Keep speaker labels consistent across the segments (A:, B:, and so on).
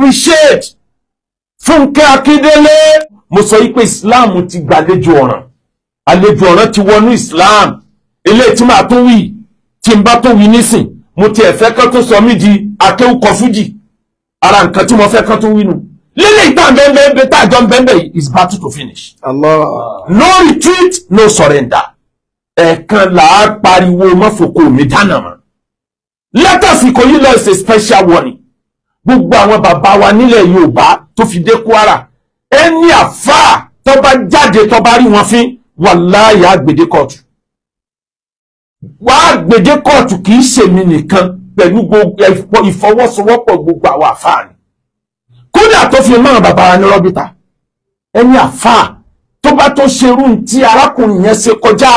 A: appreciate Fúnkẹ́ Akíndélé mo sọ yìí pé Islam ti gbàlejò ọ̀ràn àlejò ọ̀ràn ti wọnú Islam eléyìí tí màá tún wí tí n bá tún wí nísìn mo ti ẹ̀fẹ́ kan tó sọ mí di akéwù kọfújì ara nǹkan tí mo fẹ́ kan tó wí nu lílé ìta bẹ́ẹ̀bẹ́ẹ́bẹ́ tá àjọ bẹ́ẹ̀bẹ́ is battle to finish Allah. no retreat no surrender ẹ̀ẹ̀kan là á pariwo mọ́fòkò mi dáná mọ́ lẹ́tọ̀sì kò yí lọ ṣe special warning gbogbo àwọn bàbá wa nílẹ̀ Yorùbá tó fi dé Kwara ẹni àfáà tó bá jáde tó bá rí wọn fín wàláyà àgbèdè kóòtù wàá àgbèdè kóòtù kì í ṣèmi nìkan pẹ̀lú gbogbo ìfọwọ́sowọ́pọ̀ gbogbo àwọn àfáà ni kódà tó fi mọ́ bàbá wa ní rọ́bìtà ẹni àfáà tó bá tó ṣerú tí arákùnrin yẹn ṣe kọjá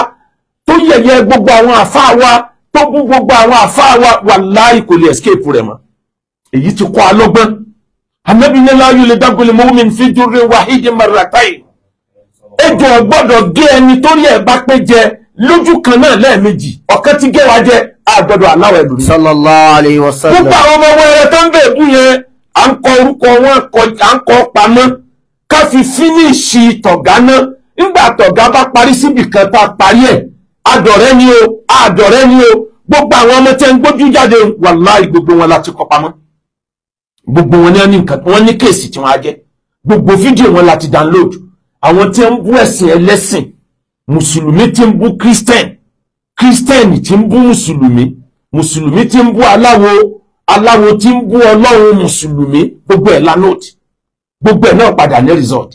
A: tó yẹ̀yẹ́ gbogbo àwọn àfáà wa tó bú gbogbo àwọn àfáà wa wàláyà kò lè escape rẹ̀ mọ́ èyí tí kọ́ alọ́gbọ́n anabi ní láàyò lè dágbélé mọ́mí fi dúró wáhídì maratai ejò gbọ́dọ̀ gé ẹni tó lè bá pé jẹ lójú kan náà lẹ́ẹ̀mejì ọ̀kan ti gé wa jẹ àgbọ̀dọ̀ aláwọ̀ ẹ̀dùn ní. sallallahu alayhi wa sallam. púpọ̀ àwọn ọmọ wẹrẹ tó ń bẹ̀ bú yẹn à ń kọ orúkọ wọn à ń kọ pamọ́ ká fi fínísì tọ̀gá náà nígbà tọ̀gá bá parí síbì kan tá a parí ẹ̀ àdọ̀rẹ́ ni o àdọ̀rẹ́ ni o gbogbo àwọn ọmọ tẹ́ ń gbójú jáde wàláì gbogbo wọn láti kọ pamọ́ gbogbo wọn ní wọn ní nǹkan wọn ní kéèsì tí wọn á jẹ gbogbo fídíò wọn láti download àwọn tí ń bú ẹ̀sìn ẹlẹ́sìn mùsùlùmí tí ń bú christian christian tí ń bú mùsùlùmí mùsùlùmí tí ń bú aláwo aláwo tí ń bú ọlọ́run mùsùlùmí gbogbo ẹ̀ lánàá gbogbo ẹ̀ náà padà ní result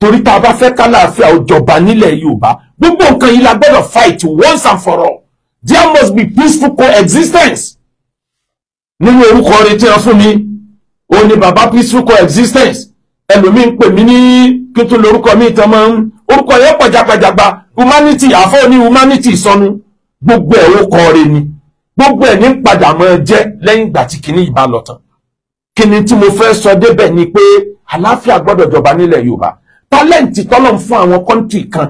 A: torí tá a bá fẹ́ kálàáfíà òjọba nílẹ̀ yorùbá gbogbo nǹkan yìí la gbọ́dọ̀ fight once and for all there must be peaceful coexistence nínú orúkọ rẹ tí wọn fún mi òun ni bàbá peaceful coexistence ẹlòmíì ń pè mí ní kí n tún lórúkọ mi tán máa ń orúkọ yẹn pàjàpàjàgba humanity àfọ́ ní humanity sọnù gbogbo ẹ̀ ó kọ́ re ni gbogbo ẹ̀ ní padà máa jẹ́ lẹ́yìn ìgbà tí kinní ìbá lọ tán kinní tí mo fẹ́ sọ débẹ̀ ni pé àlàáfíà gbọ́dọ̀ jọba nílẹ̀ Yorùbá tálẹ́ǹtì tọ́lọ̀ ń fún àwọn kọ́ńtì kan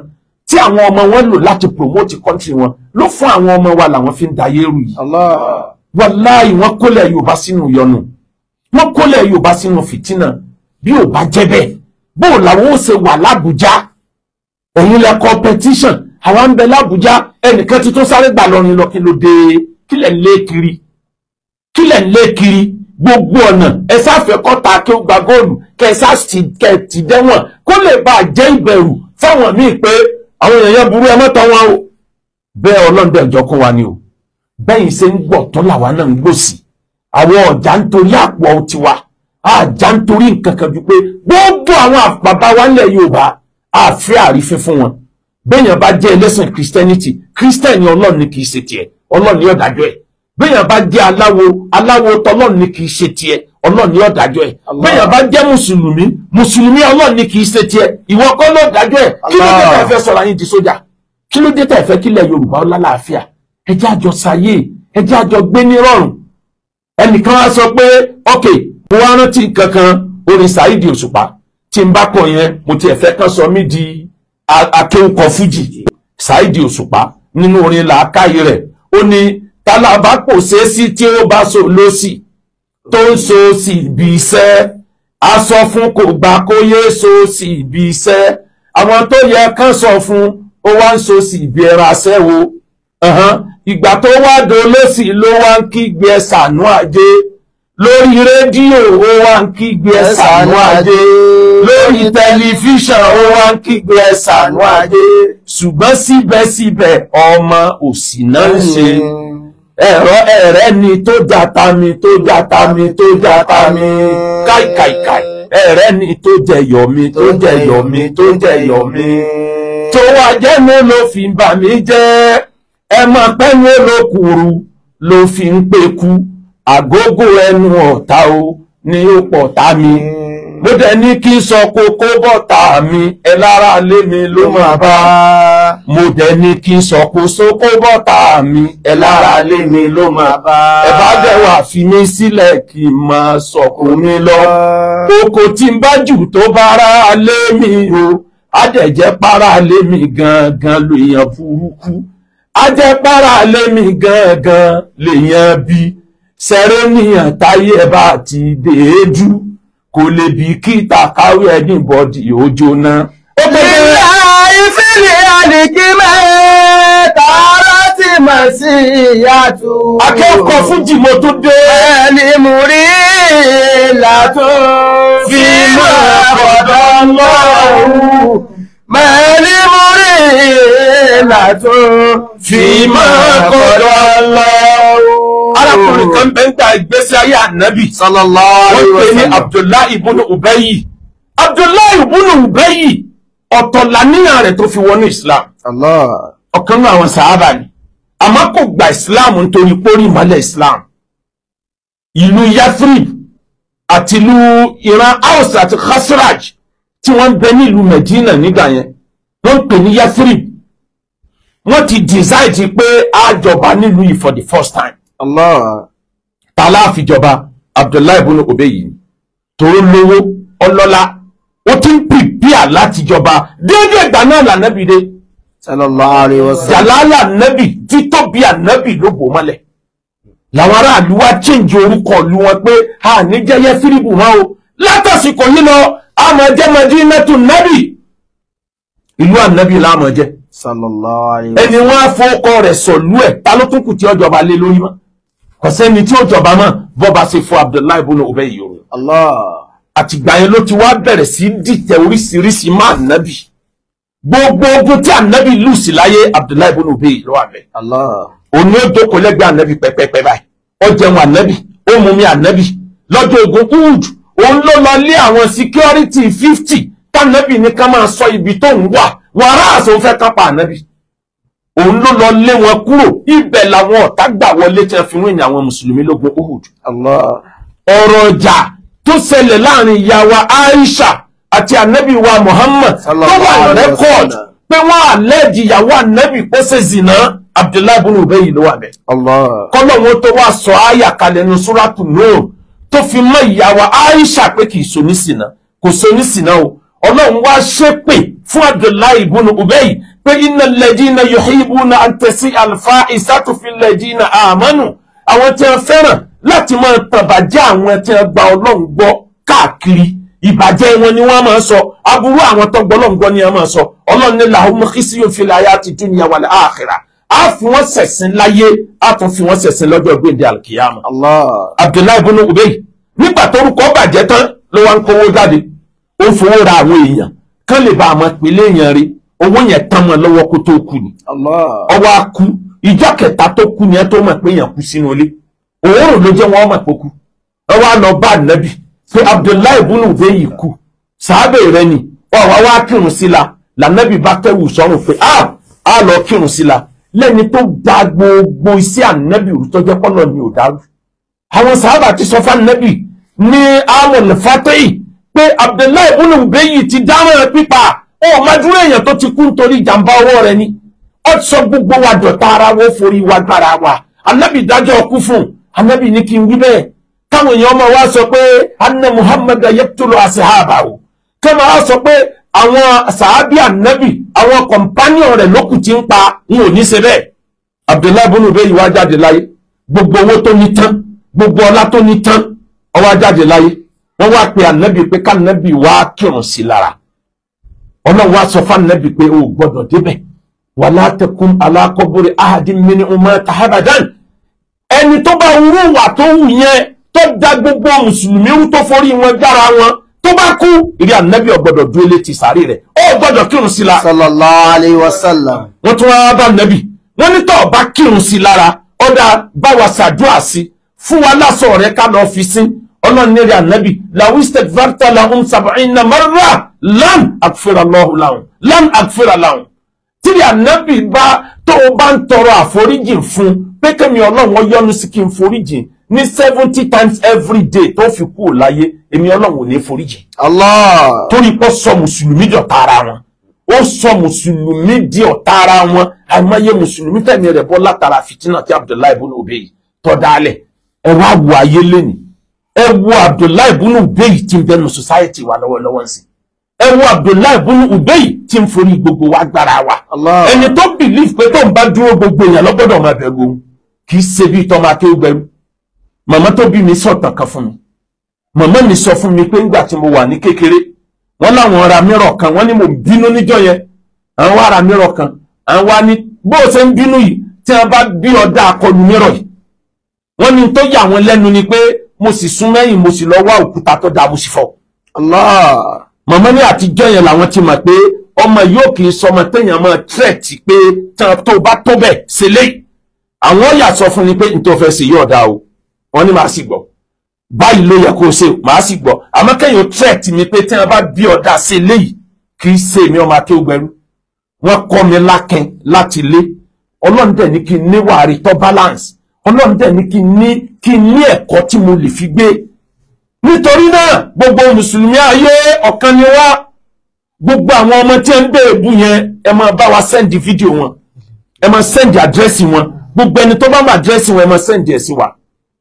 A: tí àwọn ọmọ wọn lò láti promote kọ́ńtì wọn ló fún àwọn ọmọ wa làwọn fi ń dayé rú yìí wàláì wọn kólẹ̀ Yorùbá sínú yọnu wọ́n kólẹ̀ yorùbá sínú fìtínà bí ò bá jẹ́ bẹ́ẹ̀ bó làwọn ó ṣe wà lábújá ẹ̀yin lẹ competition àwọn ń bẹ lábújá ẹnìkan ti tó sáré gbà lọrin lọ kí ló dé kílẹ̀ ń lé kiri kílẹ̀ ń lé kiri gbogbo ọ̀nà ẹ sáfẹ́ kọ́ta kí ó gba góòlù kẹ ẹ sáti dẹ́wọ̀n kó lè bá a jẹ́ ìbẹ̀rù fáwọn míì pé àwọn èèyàn burú ẹ mọ́tọ́ wọn o bẹ́ẹ̀ ọlọ́dẹ ìjọ kó wa ni o bẹ́yìn ṣe ń gbọ̀ tó làwa náà ń gbòsì àwọn ọ̀já ń torí àpò tiwa àjà ń torí nǹkan kan ju pé gbogbo àwọn bàbá wa ńlẹ̀ Yorùbá àfẹ́ àrífín fún wọn béèyàn bá jẹ́ ẹlẹ́sìn Christianity Christian ni Ọlọ́run ni kì ṣe tiẹ̀ Ọlọ́run ni ọ̀dájọ́ ẹ̀ béèyàn bá jẹ́ aláwo aláwo tọlọ́run ni kì í ṣe tiẹ̀ Ọlọ́run ni ọ̀dájọ́ ẹ̀ béèyàn bá jẹ́ mùsùlùmí mùsùlùmí Ọlọ́run ni kì í ṣe tiẹ̀ ìwọ kọ́ ló dájọ́ ẹ̀ kí ló dé tẹ̀ fẹ́ sọ̀rọ̀ yín di sójà kí ló dé tẹ̀ fẹ́ kílẹ̀ Yorùbá ọlá láàfíà ẹ àjọ sayé ẹ àjọ gbé ní rọ̀rùn ẹnìkan á sọ pé ok mo wá rántí nǹkan kan orin Saheed Òṣùpá tí n bá kọ yẹn mo tiẹ̀ fẹ́ kán sọ mí di akéwùkọ fújì Saheed Òṣùpá nínú orin làákàyè rẹ̀ ó ní tálábà kò ṣeé sí tí ó bá so lọ́sì tó ń so sí ibi iṣẹ́ a sọ fún kò gbà kó yé so sí ibi iṣẹ́ àwọn tó yẹ kán sọ fún ó wá ń so sí ibi ẹran aṣẹ́wó ìgbà tó wá dolóṣì ló wá ń kígbe ẹ ṣàánú ajé lórí rédíò ó wá ń kígbe ẹ ṣàánú ajé lórí tẹlifíṣàn ó wá ń kígbe ẹ ṣàánú ajé ṣùgbọ́n síbẹ̀síbẹ̀ ọmọ òsì náà ṣe
B: ẹ̀rọ ẹ̀rẹ́
A: ni tó jata mi tó jata mi tó jata mi káìkàìkàì ẹ̀rẹ́ ni tó jẹyọ̀ mi tó jẹyọ̀ mi tó jẹyọ̀ mi tó wá jẹ́nu ló fi bà mí jẹ́ ẹmọ pẹ́ni olókùrú ló fi ń peku àgógó ẹnu ọ̀tá o ní ó pọ̀ tá mi hmm. mo dẹ̀ ní kí n sọ kókó bọ́tà mi ẹ lára lé mi ló máa bá mo dẹ̀ ní kí n sọ kó bọ́tà mi ẹ lára lé mi ló máa bá ẹ bá dẹ̀ wà fi mí sílẹ̀ kí n máa sọkún mi lọ kókó tí n bá jù tó bá rà lé mi o á dẹ̀ jẹ́ para lé mi gangan lóyàn burúkú ajẹ́pára lémi gangan lèèyàn bí sẹ́rẹ́nìyàn táyé ẹ̀ bá ti dèédú kò lè bí kíta káwé ẹni bọ́dì ó jóná. ó bẹ̀rẹ̀ ìfìlẹ̀ àdìgí mẹ́ta láti mọ̀ sí ìyàtọ̀. akẹ́kọ̀ọ́ fújì mo tún dé. ẹni mú rí ìlàtọ̀ fi mọ̀ ọ̀dọ́ lọ́rùn. mẹ́ni mú rí ìlàtọ̀ fi máa kọjọ lọ. arákùnrin kan bẹ ń gba ìgbésí ayé ànábì. sallallahu alaihi wasallam. wọ́n pè ní abdullahi ibùnú ubayi. abdullahi ibùnú ubayi ọ̀tọ̀ làníyàn rẹ̀ tó fi wọnú islam. Allah. ọ̀kan náà àwọn sàábà ni. àmọ́ kò gba islam nítorí pórí ìmọ̀lẹ̀ islam. ìlú yathrib àti ìlú iran aus àti khasraj tí wọ́n ń bẹ nílùú medina nígbà yẹn wọ́n pè ní yathrib wọ́n ti decide pé a jọba nílùú yìí for the first time. Allah. tàlà àfijọba Abdullahi ibùnú Obeyi tó lówó ọlọ́lá ó ti ń pìpìà láti jọba déédéé ìgbà náà lànàbì dé. sallallahu alayhi wa sallam. jàlálà nàbì títóbi ànàbì ló bò mọ́lẹ̀ làwọn aráàlú wa change orúkọ lu wọn pé a ní jẹ́yẹ́ fíríbù wọn o látàsìkò yìí lọ àmọ́ jẹ́ Madinatu nàbì ìlú ànàbì làmọ́ jẹ́ ẹni wọn á fọwọ́kọ rẹ̀ sọ̀lú ẹ̀ ta ló tún kù tí ọjọba lé lórí mọ́ kò sẹ́ni tí ọjọba mọ́ bọ́ba ṣe fún Abdullahi bùnú ọbẹ̀ yìí o. àtìgbà yẹn ló ti wá bẹ̀rẹ̀ sí dìtẹ̀ oríṣiríṣi má nàbì gbogbo ogun tí ànábì lù sí láyé Abdullahi bùnú ọbẹ̀ yìí ló wà bẹ́ẹ̀. òun yóò dókòó lẹ́gbẹ̀ẹ́ ànábì pẹ́pẹ́pẹ́ báyìí ó jẹun ànábì ó mumi ànábì lọ́jọ́ ogun Uhud òun ló lọ lé àwọn security fifty tànábì ní ká máa sọ ibi tóun wà wàrà àsò ń fẹ́ kápá ànábì òun ló lọ lé wọn kúrò ibẹ̀ làwọn ọ̀tá gbà wọlé tẹ́ fi rìn àwọn mùsùlùmí lógun Uhud ọ̀rọ̀ ọjà tó ṣẹlẹ̀ láàrin ìyàwó Aisha àti ànábì wa Muhammad tó wà rẹ́kọ̀d pé wọ́n àlẹ́jì ìyàwó ànábì kó ṣe zìnà Abdullahi bin Ubayi ló wà bẹ́ẹ̀ kọ́lọ́wọ́n tó wá sọ àyà kalẹ̀ ní súrátù Nur tó fi mọ́ ìyàwó Aisha pé kì í so ní sìnà kò so ní sìnà o ọlọ́run wá ṣépè fún abdullahi ibn ubay pé iná lẹ́dínà yuhibuna àtẹ̀sí alfa ìsátúfin lẹ́dínà àmọ́nù àwọn tí wọ́n fẹ́ràn láti máa tàbàjẹ́ àwọn tí wọ́n gba ọlọ́run gbọ́ káàkiri ìbàjẹ́ wọn ni wọ́n máa sọ aburú àwọn tó gbọ́ ọlọ́run gbọ́ ni wọ́n máa sọ ọlọ́run ní làwọn khizyun fil hayati dunya wal akhirah a fi wọ́n ṣẹ̀sìn láyé a tún fi wọ́n ṣẹ̀sìn lọ́jọ́ gbèdé alkiyama. abdullahi ibn ubay nígbà tórúkọ bàjẹ́ tán ló wá ń kówó jáde ó fowó ra àwọn èèyàn kán lè bá àmọ́ pélé èèyàn rí owó yẹn tán mọ́ lọ́wọ́ kó tó kú ni ọwọ́ á kú ìjọ kẹta tó kú ni ẹ tó mọ̀ pé èèyàn kú sínú ilé òórùn ló jẹ́ wọn mọ̀ pé kú ọwọ́ á lọ bá ànábì pé Abdullahi bunu veyi kú sàábẹ̀ rẹ ni ọwọ́ wá kírun sí la lànàbì bá tẹ̀wù sọ́run pé ah, a á lọ kírun sí la lẹ́ni tó da gbogbo iṣẹ́ ànábì òrùtọ́jẹ́ pọ́nà ni ò dárú àwọn sàábà ti sọ fún ànábì ní amọ̀lẹ́fàtẹ́yì pé abdullahi ibn ubeyi ti dáràn pípa ó mádúró èèyàn tó ti kú nítorí ìjàmbá ọwọ́ rẹ̀ ni ó sọ gbogbo wa dọ̀tá ara wo forí wa gbára wa anábì dájọ́ ọkú fún anábì ní kí n wí bẹ́ẹ̀ káwọn èèyàn ọmọ wa sọ pé anna muhammad yaqtulu ashabahu kí wọ́n sọ pé àwọn sàábì anábì àwọn kọ̀mpánìọ̀ rẹ̀ lókù ti ń pa n ò ní ṣe bẹ́ẹ̀ abdullahi ibn ubeyi wá jáde láyé gbogbo owó tó ní tán gbogbo ọlá tó ní tán ó jáde láyé wọ́n wá pe ànábì pé kánábì wá kírun sí lára ọlọ́run wá sọ fánábì pé o gbọ́dọ̀ débẹ̀ wà látẹkùn alákọ̀bọ̀rẹ̀ ahadi mini umar tahabadan ẹni tó bá wúrú wà tó wù yẹn tó da gbogbo mùsùlùmí wú tó forí wọn gbára wọn tó bá kú ìrí ànábì ò dúró létí sàárè rẹ̀ ó gbọ́dọ̀ kírun sí lára. sallallahu alayhi wa sallam. wọ́n tún wá bá ànábì wọ́n ní tó bá kírun sí lára ọ̀dà báwa ṣàdúrà sí fún wa lásọ̀ rẹ̀ ká lọ́ọ́ fi sí ọlọ́run ní rí ànábì làwísítẹ̀ fàtà làwọn sàbàáyìn náà mọ́rà lan àkùfẹ́ra lọ́hùn làwọn lan àkùfẹ́ra làwọn tí rí ànábì bá tó o bá ń tọrọ àforíjìn fún pé kẹ́mi ọlọ́run ó yọ́nú sí kí n foríjìn ní seventy times every day tó fi kú láyé èmi ọlọ́run ò ní foríjìn. Allah torí pé ó sọ mùsùlùmí dọ̀tá ara wọn ó sọ mùsùlùmí di ọ̀tá ara wọn àìmọye mùsùlùmí tẹ̀mí rẹ̀ bọ́ látara fìtínà tí Abdullahi ibn Ubay tọ́ dálẹ̀ ẹ̀rọ àwọ̀ ayé lénìí ẹ wo abdullahi bunu ubeyi tí ń bẹnu society wa lọ́wọ́lọ́wọ́ sí ẹ wo abdullahi bunu ubeyi tí ń forí gbogbo wa gbára wa ẹni tó believe pé tó ń bá dúró gbogbo èèyàn lọ́gbọ́dọ̀ máa bẹ̀rù ohun kì í ṣe bí tọ́mọ akéwùgbẹ́rú màmá tó bí mi sọ̀tàn kan fún mi màmá mi sọ fún mi pé ńgbà tí mo wà ní kékeré wọ́n láwọn ra mìíràn kan wọ́n ní mo bínú níjọ́ yẹn àwọn wá ra mìíràn kan àwọn wá ní bó o ṣe ń bínú yìí tí wọ́n bá bí ọ̀dà akọlù mìíràn yìí wọ́n ní tó yà wọ́n lẹ́nu ni pé mo sì sún mẹ́yìn mo sì lọ wá òkúta tó da mo sì fọ́. màmá ní àtijọ́ yẹn làwọn ti mọ̀ pé ọmọ yóò kì í sọmọ téèyàn máa tírẹ̀tì pé tán tó bá tó bẹ̀ sílé àwọn yà sọ fún ni pé n tó fẹ́ ṣe yóò dáa o wọ́n ní màá sì gbọ́ báyìí ló yẹ kó o ṣe o màá sì gbọ́ àmọ́ kẹ́yìn ó tírẹ̀tì mi pé téèyàn bá bí ọ̀dà ṣe léyìí kì í ṣe mi ọmọ akéwògbẹ́rú wọ́n kọ́ mi lákẹ́ láti lé ọlọ́run dẹ̀ ní kí n ní wàárí tó balance ọlọ́run dẹ̀ ní kí n ní kí n ní ẹ̀kọ́ tí mo lè fi gbé nítorí náà gbogbo mùsùlùmí ayé ọ̀kan ni wá gbogbo àwọn ọmọ tí ń bèrè bú yẹn ẹ máa bá wa sẹ́ndì fídíò wọn ẹ máa sẹ́ndì àdírẹ́sì wọn gbogbo ẹni tó bá máa àdírẹ́sì wọn ẹ máa sẹ́ndì ẹ̀ sí wa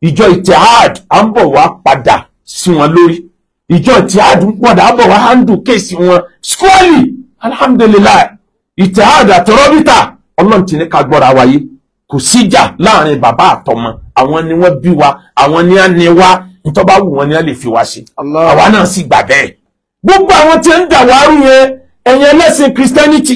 A: ìjọ ìtẹ̀had à ń bọ̀ wá padà sí wọn lórí ìjọ ìtẹ̀had ń padà á bọ̀ wá handle kéèsì wọn skúọ́lì alhamdulilayi ìtẹ̀had àtọ̀rọ̀bìtà ọlọ́run ti ní ká gbọ́ra wáyé kò síjà láàrin bàbá àtọmọ àwọn ni wọ́n bí wa àwọn ni a ní wa ntọ́ bá wù wọ́n ni a lè fi wa ṣe àwa náà sì gbà bẹ́ẹ̀ gbogbo àwọn tí ń dàwárù yẹn ẹ̀yin ẹlẹ́sìn christianity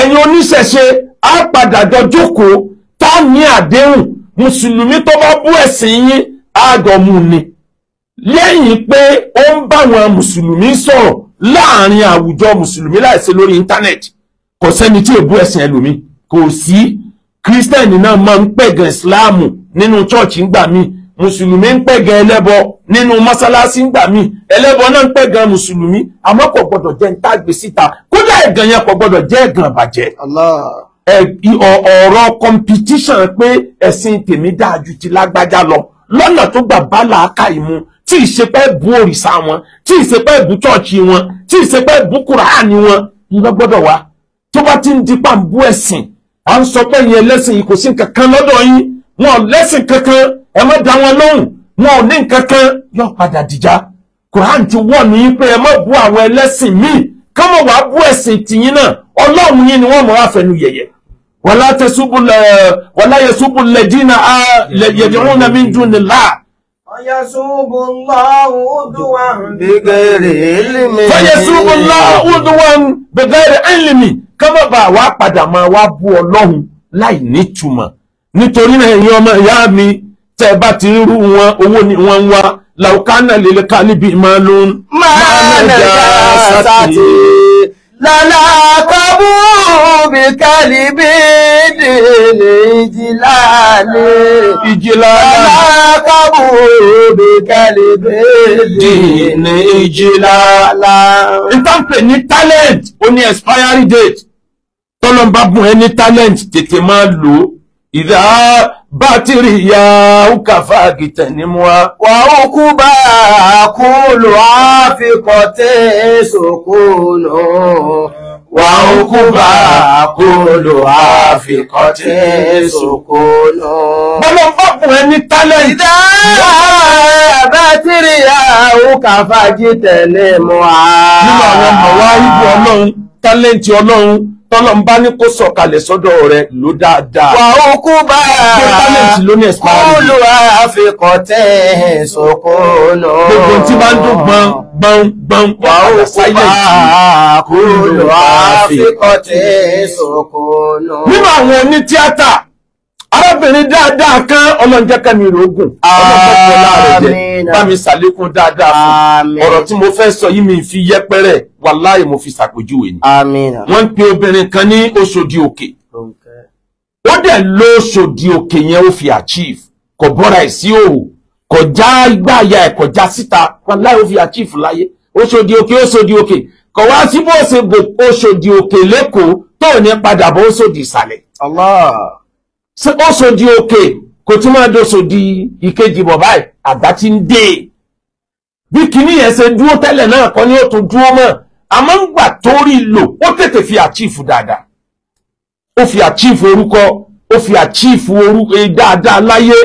A: ẹ̀yin oníṣẹ̀ṣe á padà jọ jókòó tá a ní àdéhùn mùsùlùmí tó bá bú ẹ̀sìn yín á jọ mú ni lẹ́yìn pé ó ń bá àwọn mùsùlùmí sọ̀rọ̀ láàrin àwùjọ mùsùlùmí láìsí lórí íńtánẹ́ẹ̀tì kò sẹ́ni tí èbú ẹ̀sìn ẹlòmíì kò sí kírísítẹ́nì náà máa ń pẹ̀gàn ìsìláàmù nínú church ń gbà mí mùsùlùmí ń pẹ́ gan ẹlẹ́bọ nínú mọ́sálásí ń gbà mí ẹlẹ́bọ náà ń pẹ́ gan mùsùlùmí àmọ́ kò gbọ́dọ̀ jẹ́ ń tàgbé síta kódà ẹ̀gàn yẹn kò gbọ́dọ̀ jẹ́ ẹ̀gàn àbàjẹ́. ọ̀rọ̀ competition pé ẹ̀sìn tèmi dáa ju ti lágbájá lọ lọ́nà tó gbà bá làákà ìmú tí ìṣepẹ́ bu òrìṣà wọn tí ìṣepẹ́ bu chọ́ọ̀chì wọn tí ìṣepẹ́ bu kùránì wọn iná gbọ́dọ̀ tó bá ti ń dipá ń bú ẹ̀sìn à ń sọ pé ìyẹn ẹlẹ́sìn yìí kò sí nǹkan kan lọ́dọ̀ yín wọn ò lẹ́sìn kankan ẹ má dá wọn lóhùn wọn ò ní nǹkan kan yóò padà dìjà Quran ti wọ̀ ní pé ẹ má bú àwọn ẹlẹ́sìn míì ká mọ̀ wá bú ẹ̀sìn tìyín náà ọlọ́run yín ni wọ́n mọ̀ wá fẹnu yẹ̀yẹ̀ wàlá tẹ̀sùbù lẹ̀ wàlá yẹ̀sùbù lẹ̀ dínà á lẹ̀ yẹ̀dìrún nàmí dùn ní là. فيسوب الله عدوا بغير علم فيسوب الله عدوا بغير علم ká má bàa padà máa wá bú ọlọ́run láì nítumọ̀ nítorí náà ẹ̀yin ọmọ ìyá mi tẹ́ ẹ bá ti ń rú wọn owó ni wọ́n ń wá làwùkánà lè ká níbi máa
B: máa nàjà sátì.
A: lọ́la kọ́bù bí kálíbí dèlè ìjìlá lè. ìjìlá lọ́la kọ́bù bí kálíbí dèlè ìjìlá lè. ìtànpẹ̀ ní talent ó ní expiry date tọ́lọ́mbà bùn ẹni talent tètè máa lò ó ìdá bátìrì ya òkàfà àgìtẹ̀ ní mú wa. wà ó kú bá kú lò á fi kọ́ tẹ́ sòkò lọ. wà ó kú bá kú bọ́lá fọ́pù ẹ ní tálẹ̀. ìdá bátìrì ya òkàfà àgìtẹ̀ ní mú wa. ibu ọlọ́run tálẹ́ǹtì ọlọ́run tọ́lọ́n bá ní kó sọ̀kalẹ̀ sọ́dọ̀ rẹ̀ ló dáadáa. wà ó kú bá a kúlù àfikọ̀tẹ́ sọ̀kọ́nà. gbogbo tí máa ń dún gbọ́n gbọ́n gbọ́n wà ó kú bá a kúlù àfikọ̀tẹ́ sọ̀kọ́nà. nínú àwọn oní tíátà arábìnrin dáadáa kan ọlọ́njẹ́kẹ́mi rògùn ọlọ́njẹ́kẹ́mi rẹ̀ bá mi ṣàlékún dáadáa fún ọ̀rọ̀ tí mo fẹ́ sọ yìí mi fi yẹpẹrẹ wàláì mo fi ṣàpèjúwe ni wọ́n ń pe obìnrin kan ní Oṣòdì Òkè ó dẹ̀ lo Oṣòdì Òkè yẹn ó fi achieve kò bọ́ra ẹ̀ sí òwò kò já gbáàyà ẹ̀ kò já síta wàláì ó fi achieve láyé Oṣòdì Òkè Oṣòdì Òkè kò wá sí bó ṣe bò Oṣòdì Òkè lẹ́kọ̀ọ́ tó ní padà bọ́ Oṣòdì ìsàlẹ̀. Allah ó sòdì òkè kò tún máa dosòdì ìkejì bọ̀ báyìí àgbà ti ń dé bí kinní yẹn ṣe dúró tẹ́lẹ̀ náà kọ́ ni ó tún dúró mọ́ àmọ́ ń gbà tó rí lò ó tètè fi àchífù dáadáa ó fi àchífù orúkọ ó fi àchífù orúkọ e, dáadáa láyé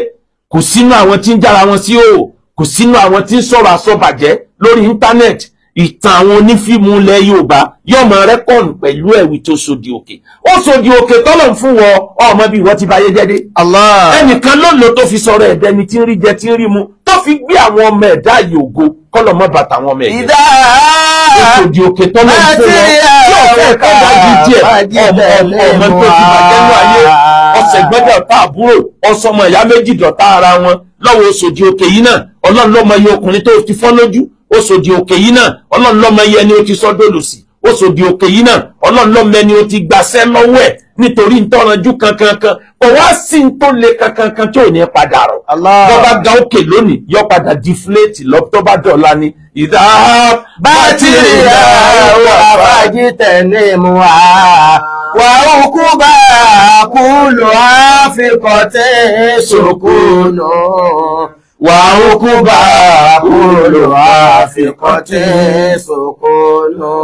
A: kò sínú àwọn tí ń jára wọn sí o kò sínú àwọn tí ń sọ̀rọ̀ àsọbàjẹ́ lórí íńtánẹ́ẹ̀tì ìtàn àwọn onífíìmù ilẹ̀ yorùbá yóò máa rẹ́kọ̀nù pẹ̀lú ẹ̀wì tó sòdì òkè ó sòdì òkè tọ́lọ̀ ń fún wọ ọmọ bíi ìwọ ti bá yé jẹ́dé ẹnìkan lónìí tó fi sọ̀rọ̀ ẹ̀dẹ́ni tí ń rí jẹ tí ń rí mu tó fi gbé àwọn ọmọ ẹ̀dá yòógo kọ́lọ̀ mọ́ bàtà àwọn ọmọ ẹ̀dá ó sòdì òkè tọ́lọ̀ ń fún wọn tí ọ̀fẹ́ ẹ̀kọ́ bá jí díẹ̀ ọmọ tó fi bàjẹ́ ní ayé ọ̀sẹ̀ gbẹ́dọ̀ta àbúrò ọ̀sọ̀mọ̀ ìyá méjì dọ̀ta ara wọn lọ́wọ́ sòdì òkè yìí náà ọlọ́run ló mọ iye ọkùnrin tó ti fọ́ lójú ó sòdì òkè yìí náà ọlọ́run lọ́mọ iye ẹni ó ti sọ dòlù sí ó sòdì òkè yìí náà ọlọ́run lọ́mọ ẹni ó ti gbàṣẹ́ lọ́wọ́ ẹ̀ nítorí ntọ́ranjú kankankan kò wá sí n tó le kankankan tí ò ní padà rọ̀ tó bá ga òkè lónìí yọ padà deflate lọ tó bá dọ̀la ni ìdá bátìrì rẹ̀ wà fàájì tẹ̀lé mu wá wà òkú bá kú lọ́ọ́ fi kọ́ wàhùkúbà kúrò àfikọ́tí sòkòlò.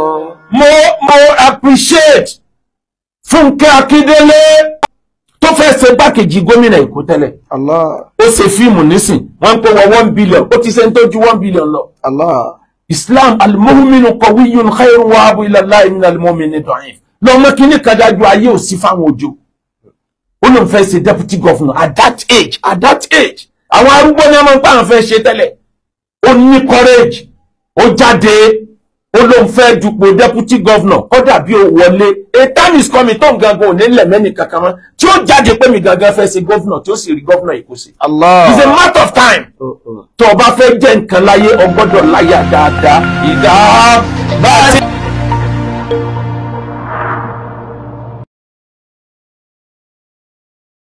A: mo mo appreciate Fúnkẹ́ Akíndélé tó fẹ́ ṣe gbákejì gómìnà Èkó tẹ́lẹ̀ ó ṣe fíìmù nísìn wọ́n ń pè wọ́n one billion ó ti ṣe ń tọ́jú one billion lọ. Islam al-mu'minu qawiyyun khairu wa abu ila Allahi min al-mu'mini da'if lọ́mọ kìíní kan dájú ayé ò sí fáwọn òjò ó lóun fẹ́ ṣe deputy governor at that age at that age àwọn arúgbó ní ọmọ nípa àwọn fẹ́ ṣe tẹ́lẹ̀ ó ní courage ó jáde ó ló ń fẹ́ dupò deputy governor kódà bí ó wọlé a time is coming tó ń gangan ò ní lẹ̀ mẹ́ni kankan mọ́ tí ó jáde pé mi gangan fẹ́ ṣe governor tí ó sì rí governor Èkó sí. it's a matter of time tó o bá fẹ́ jẹ́ nǹkan láyé o láyà dáadáa ìdá bá a ti.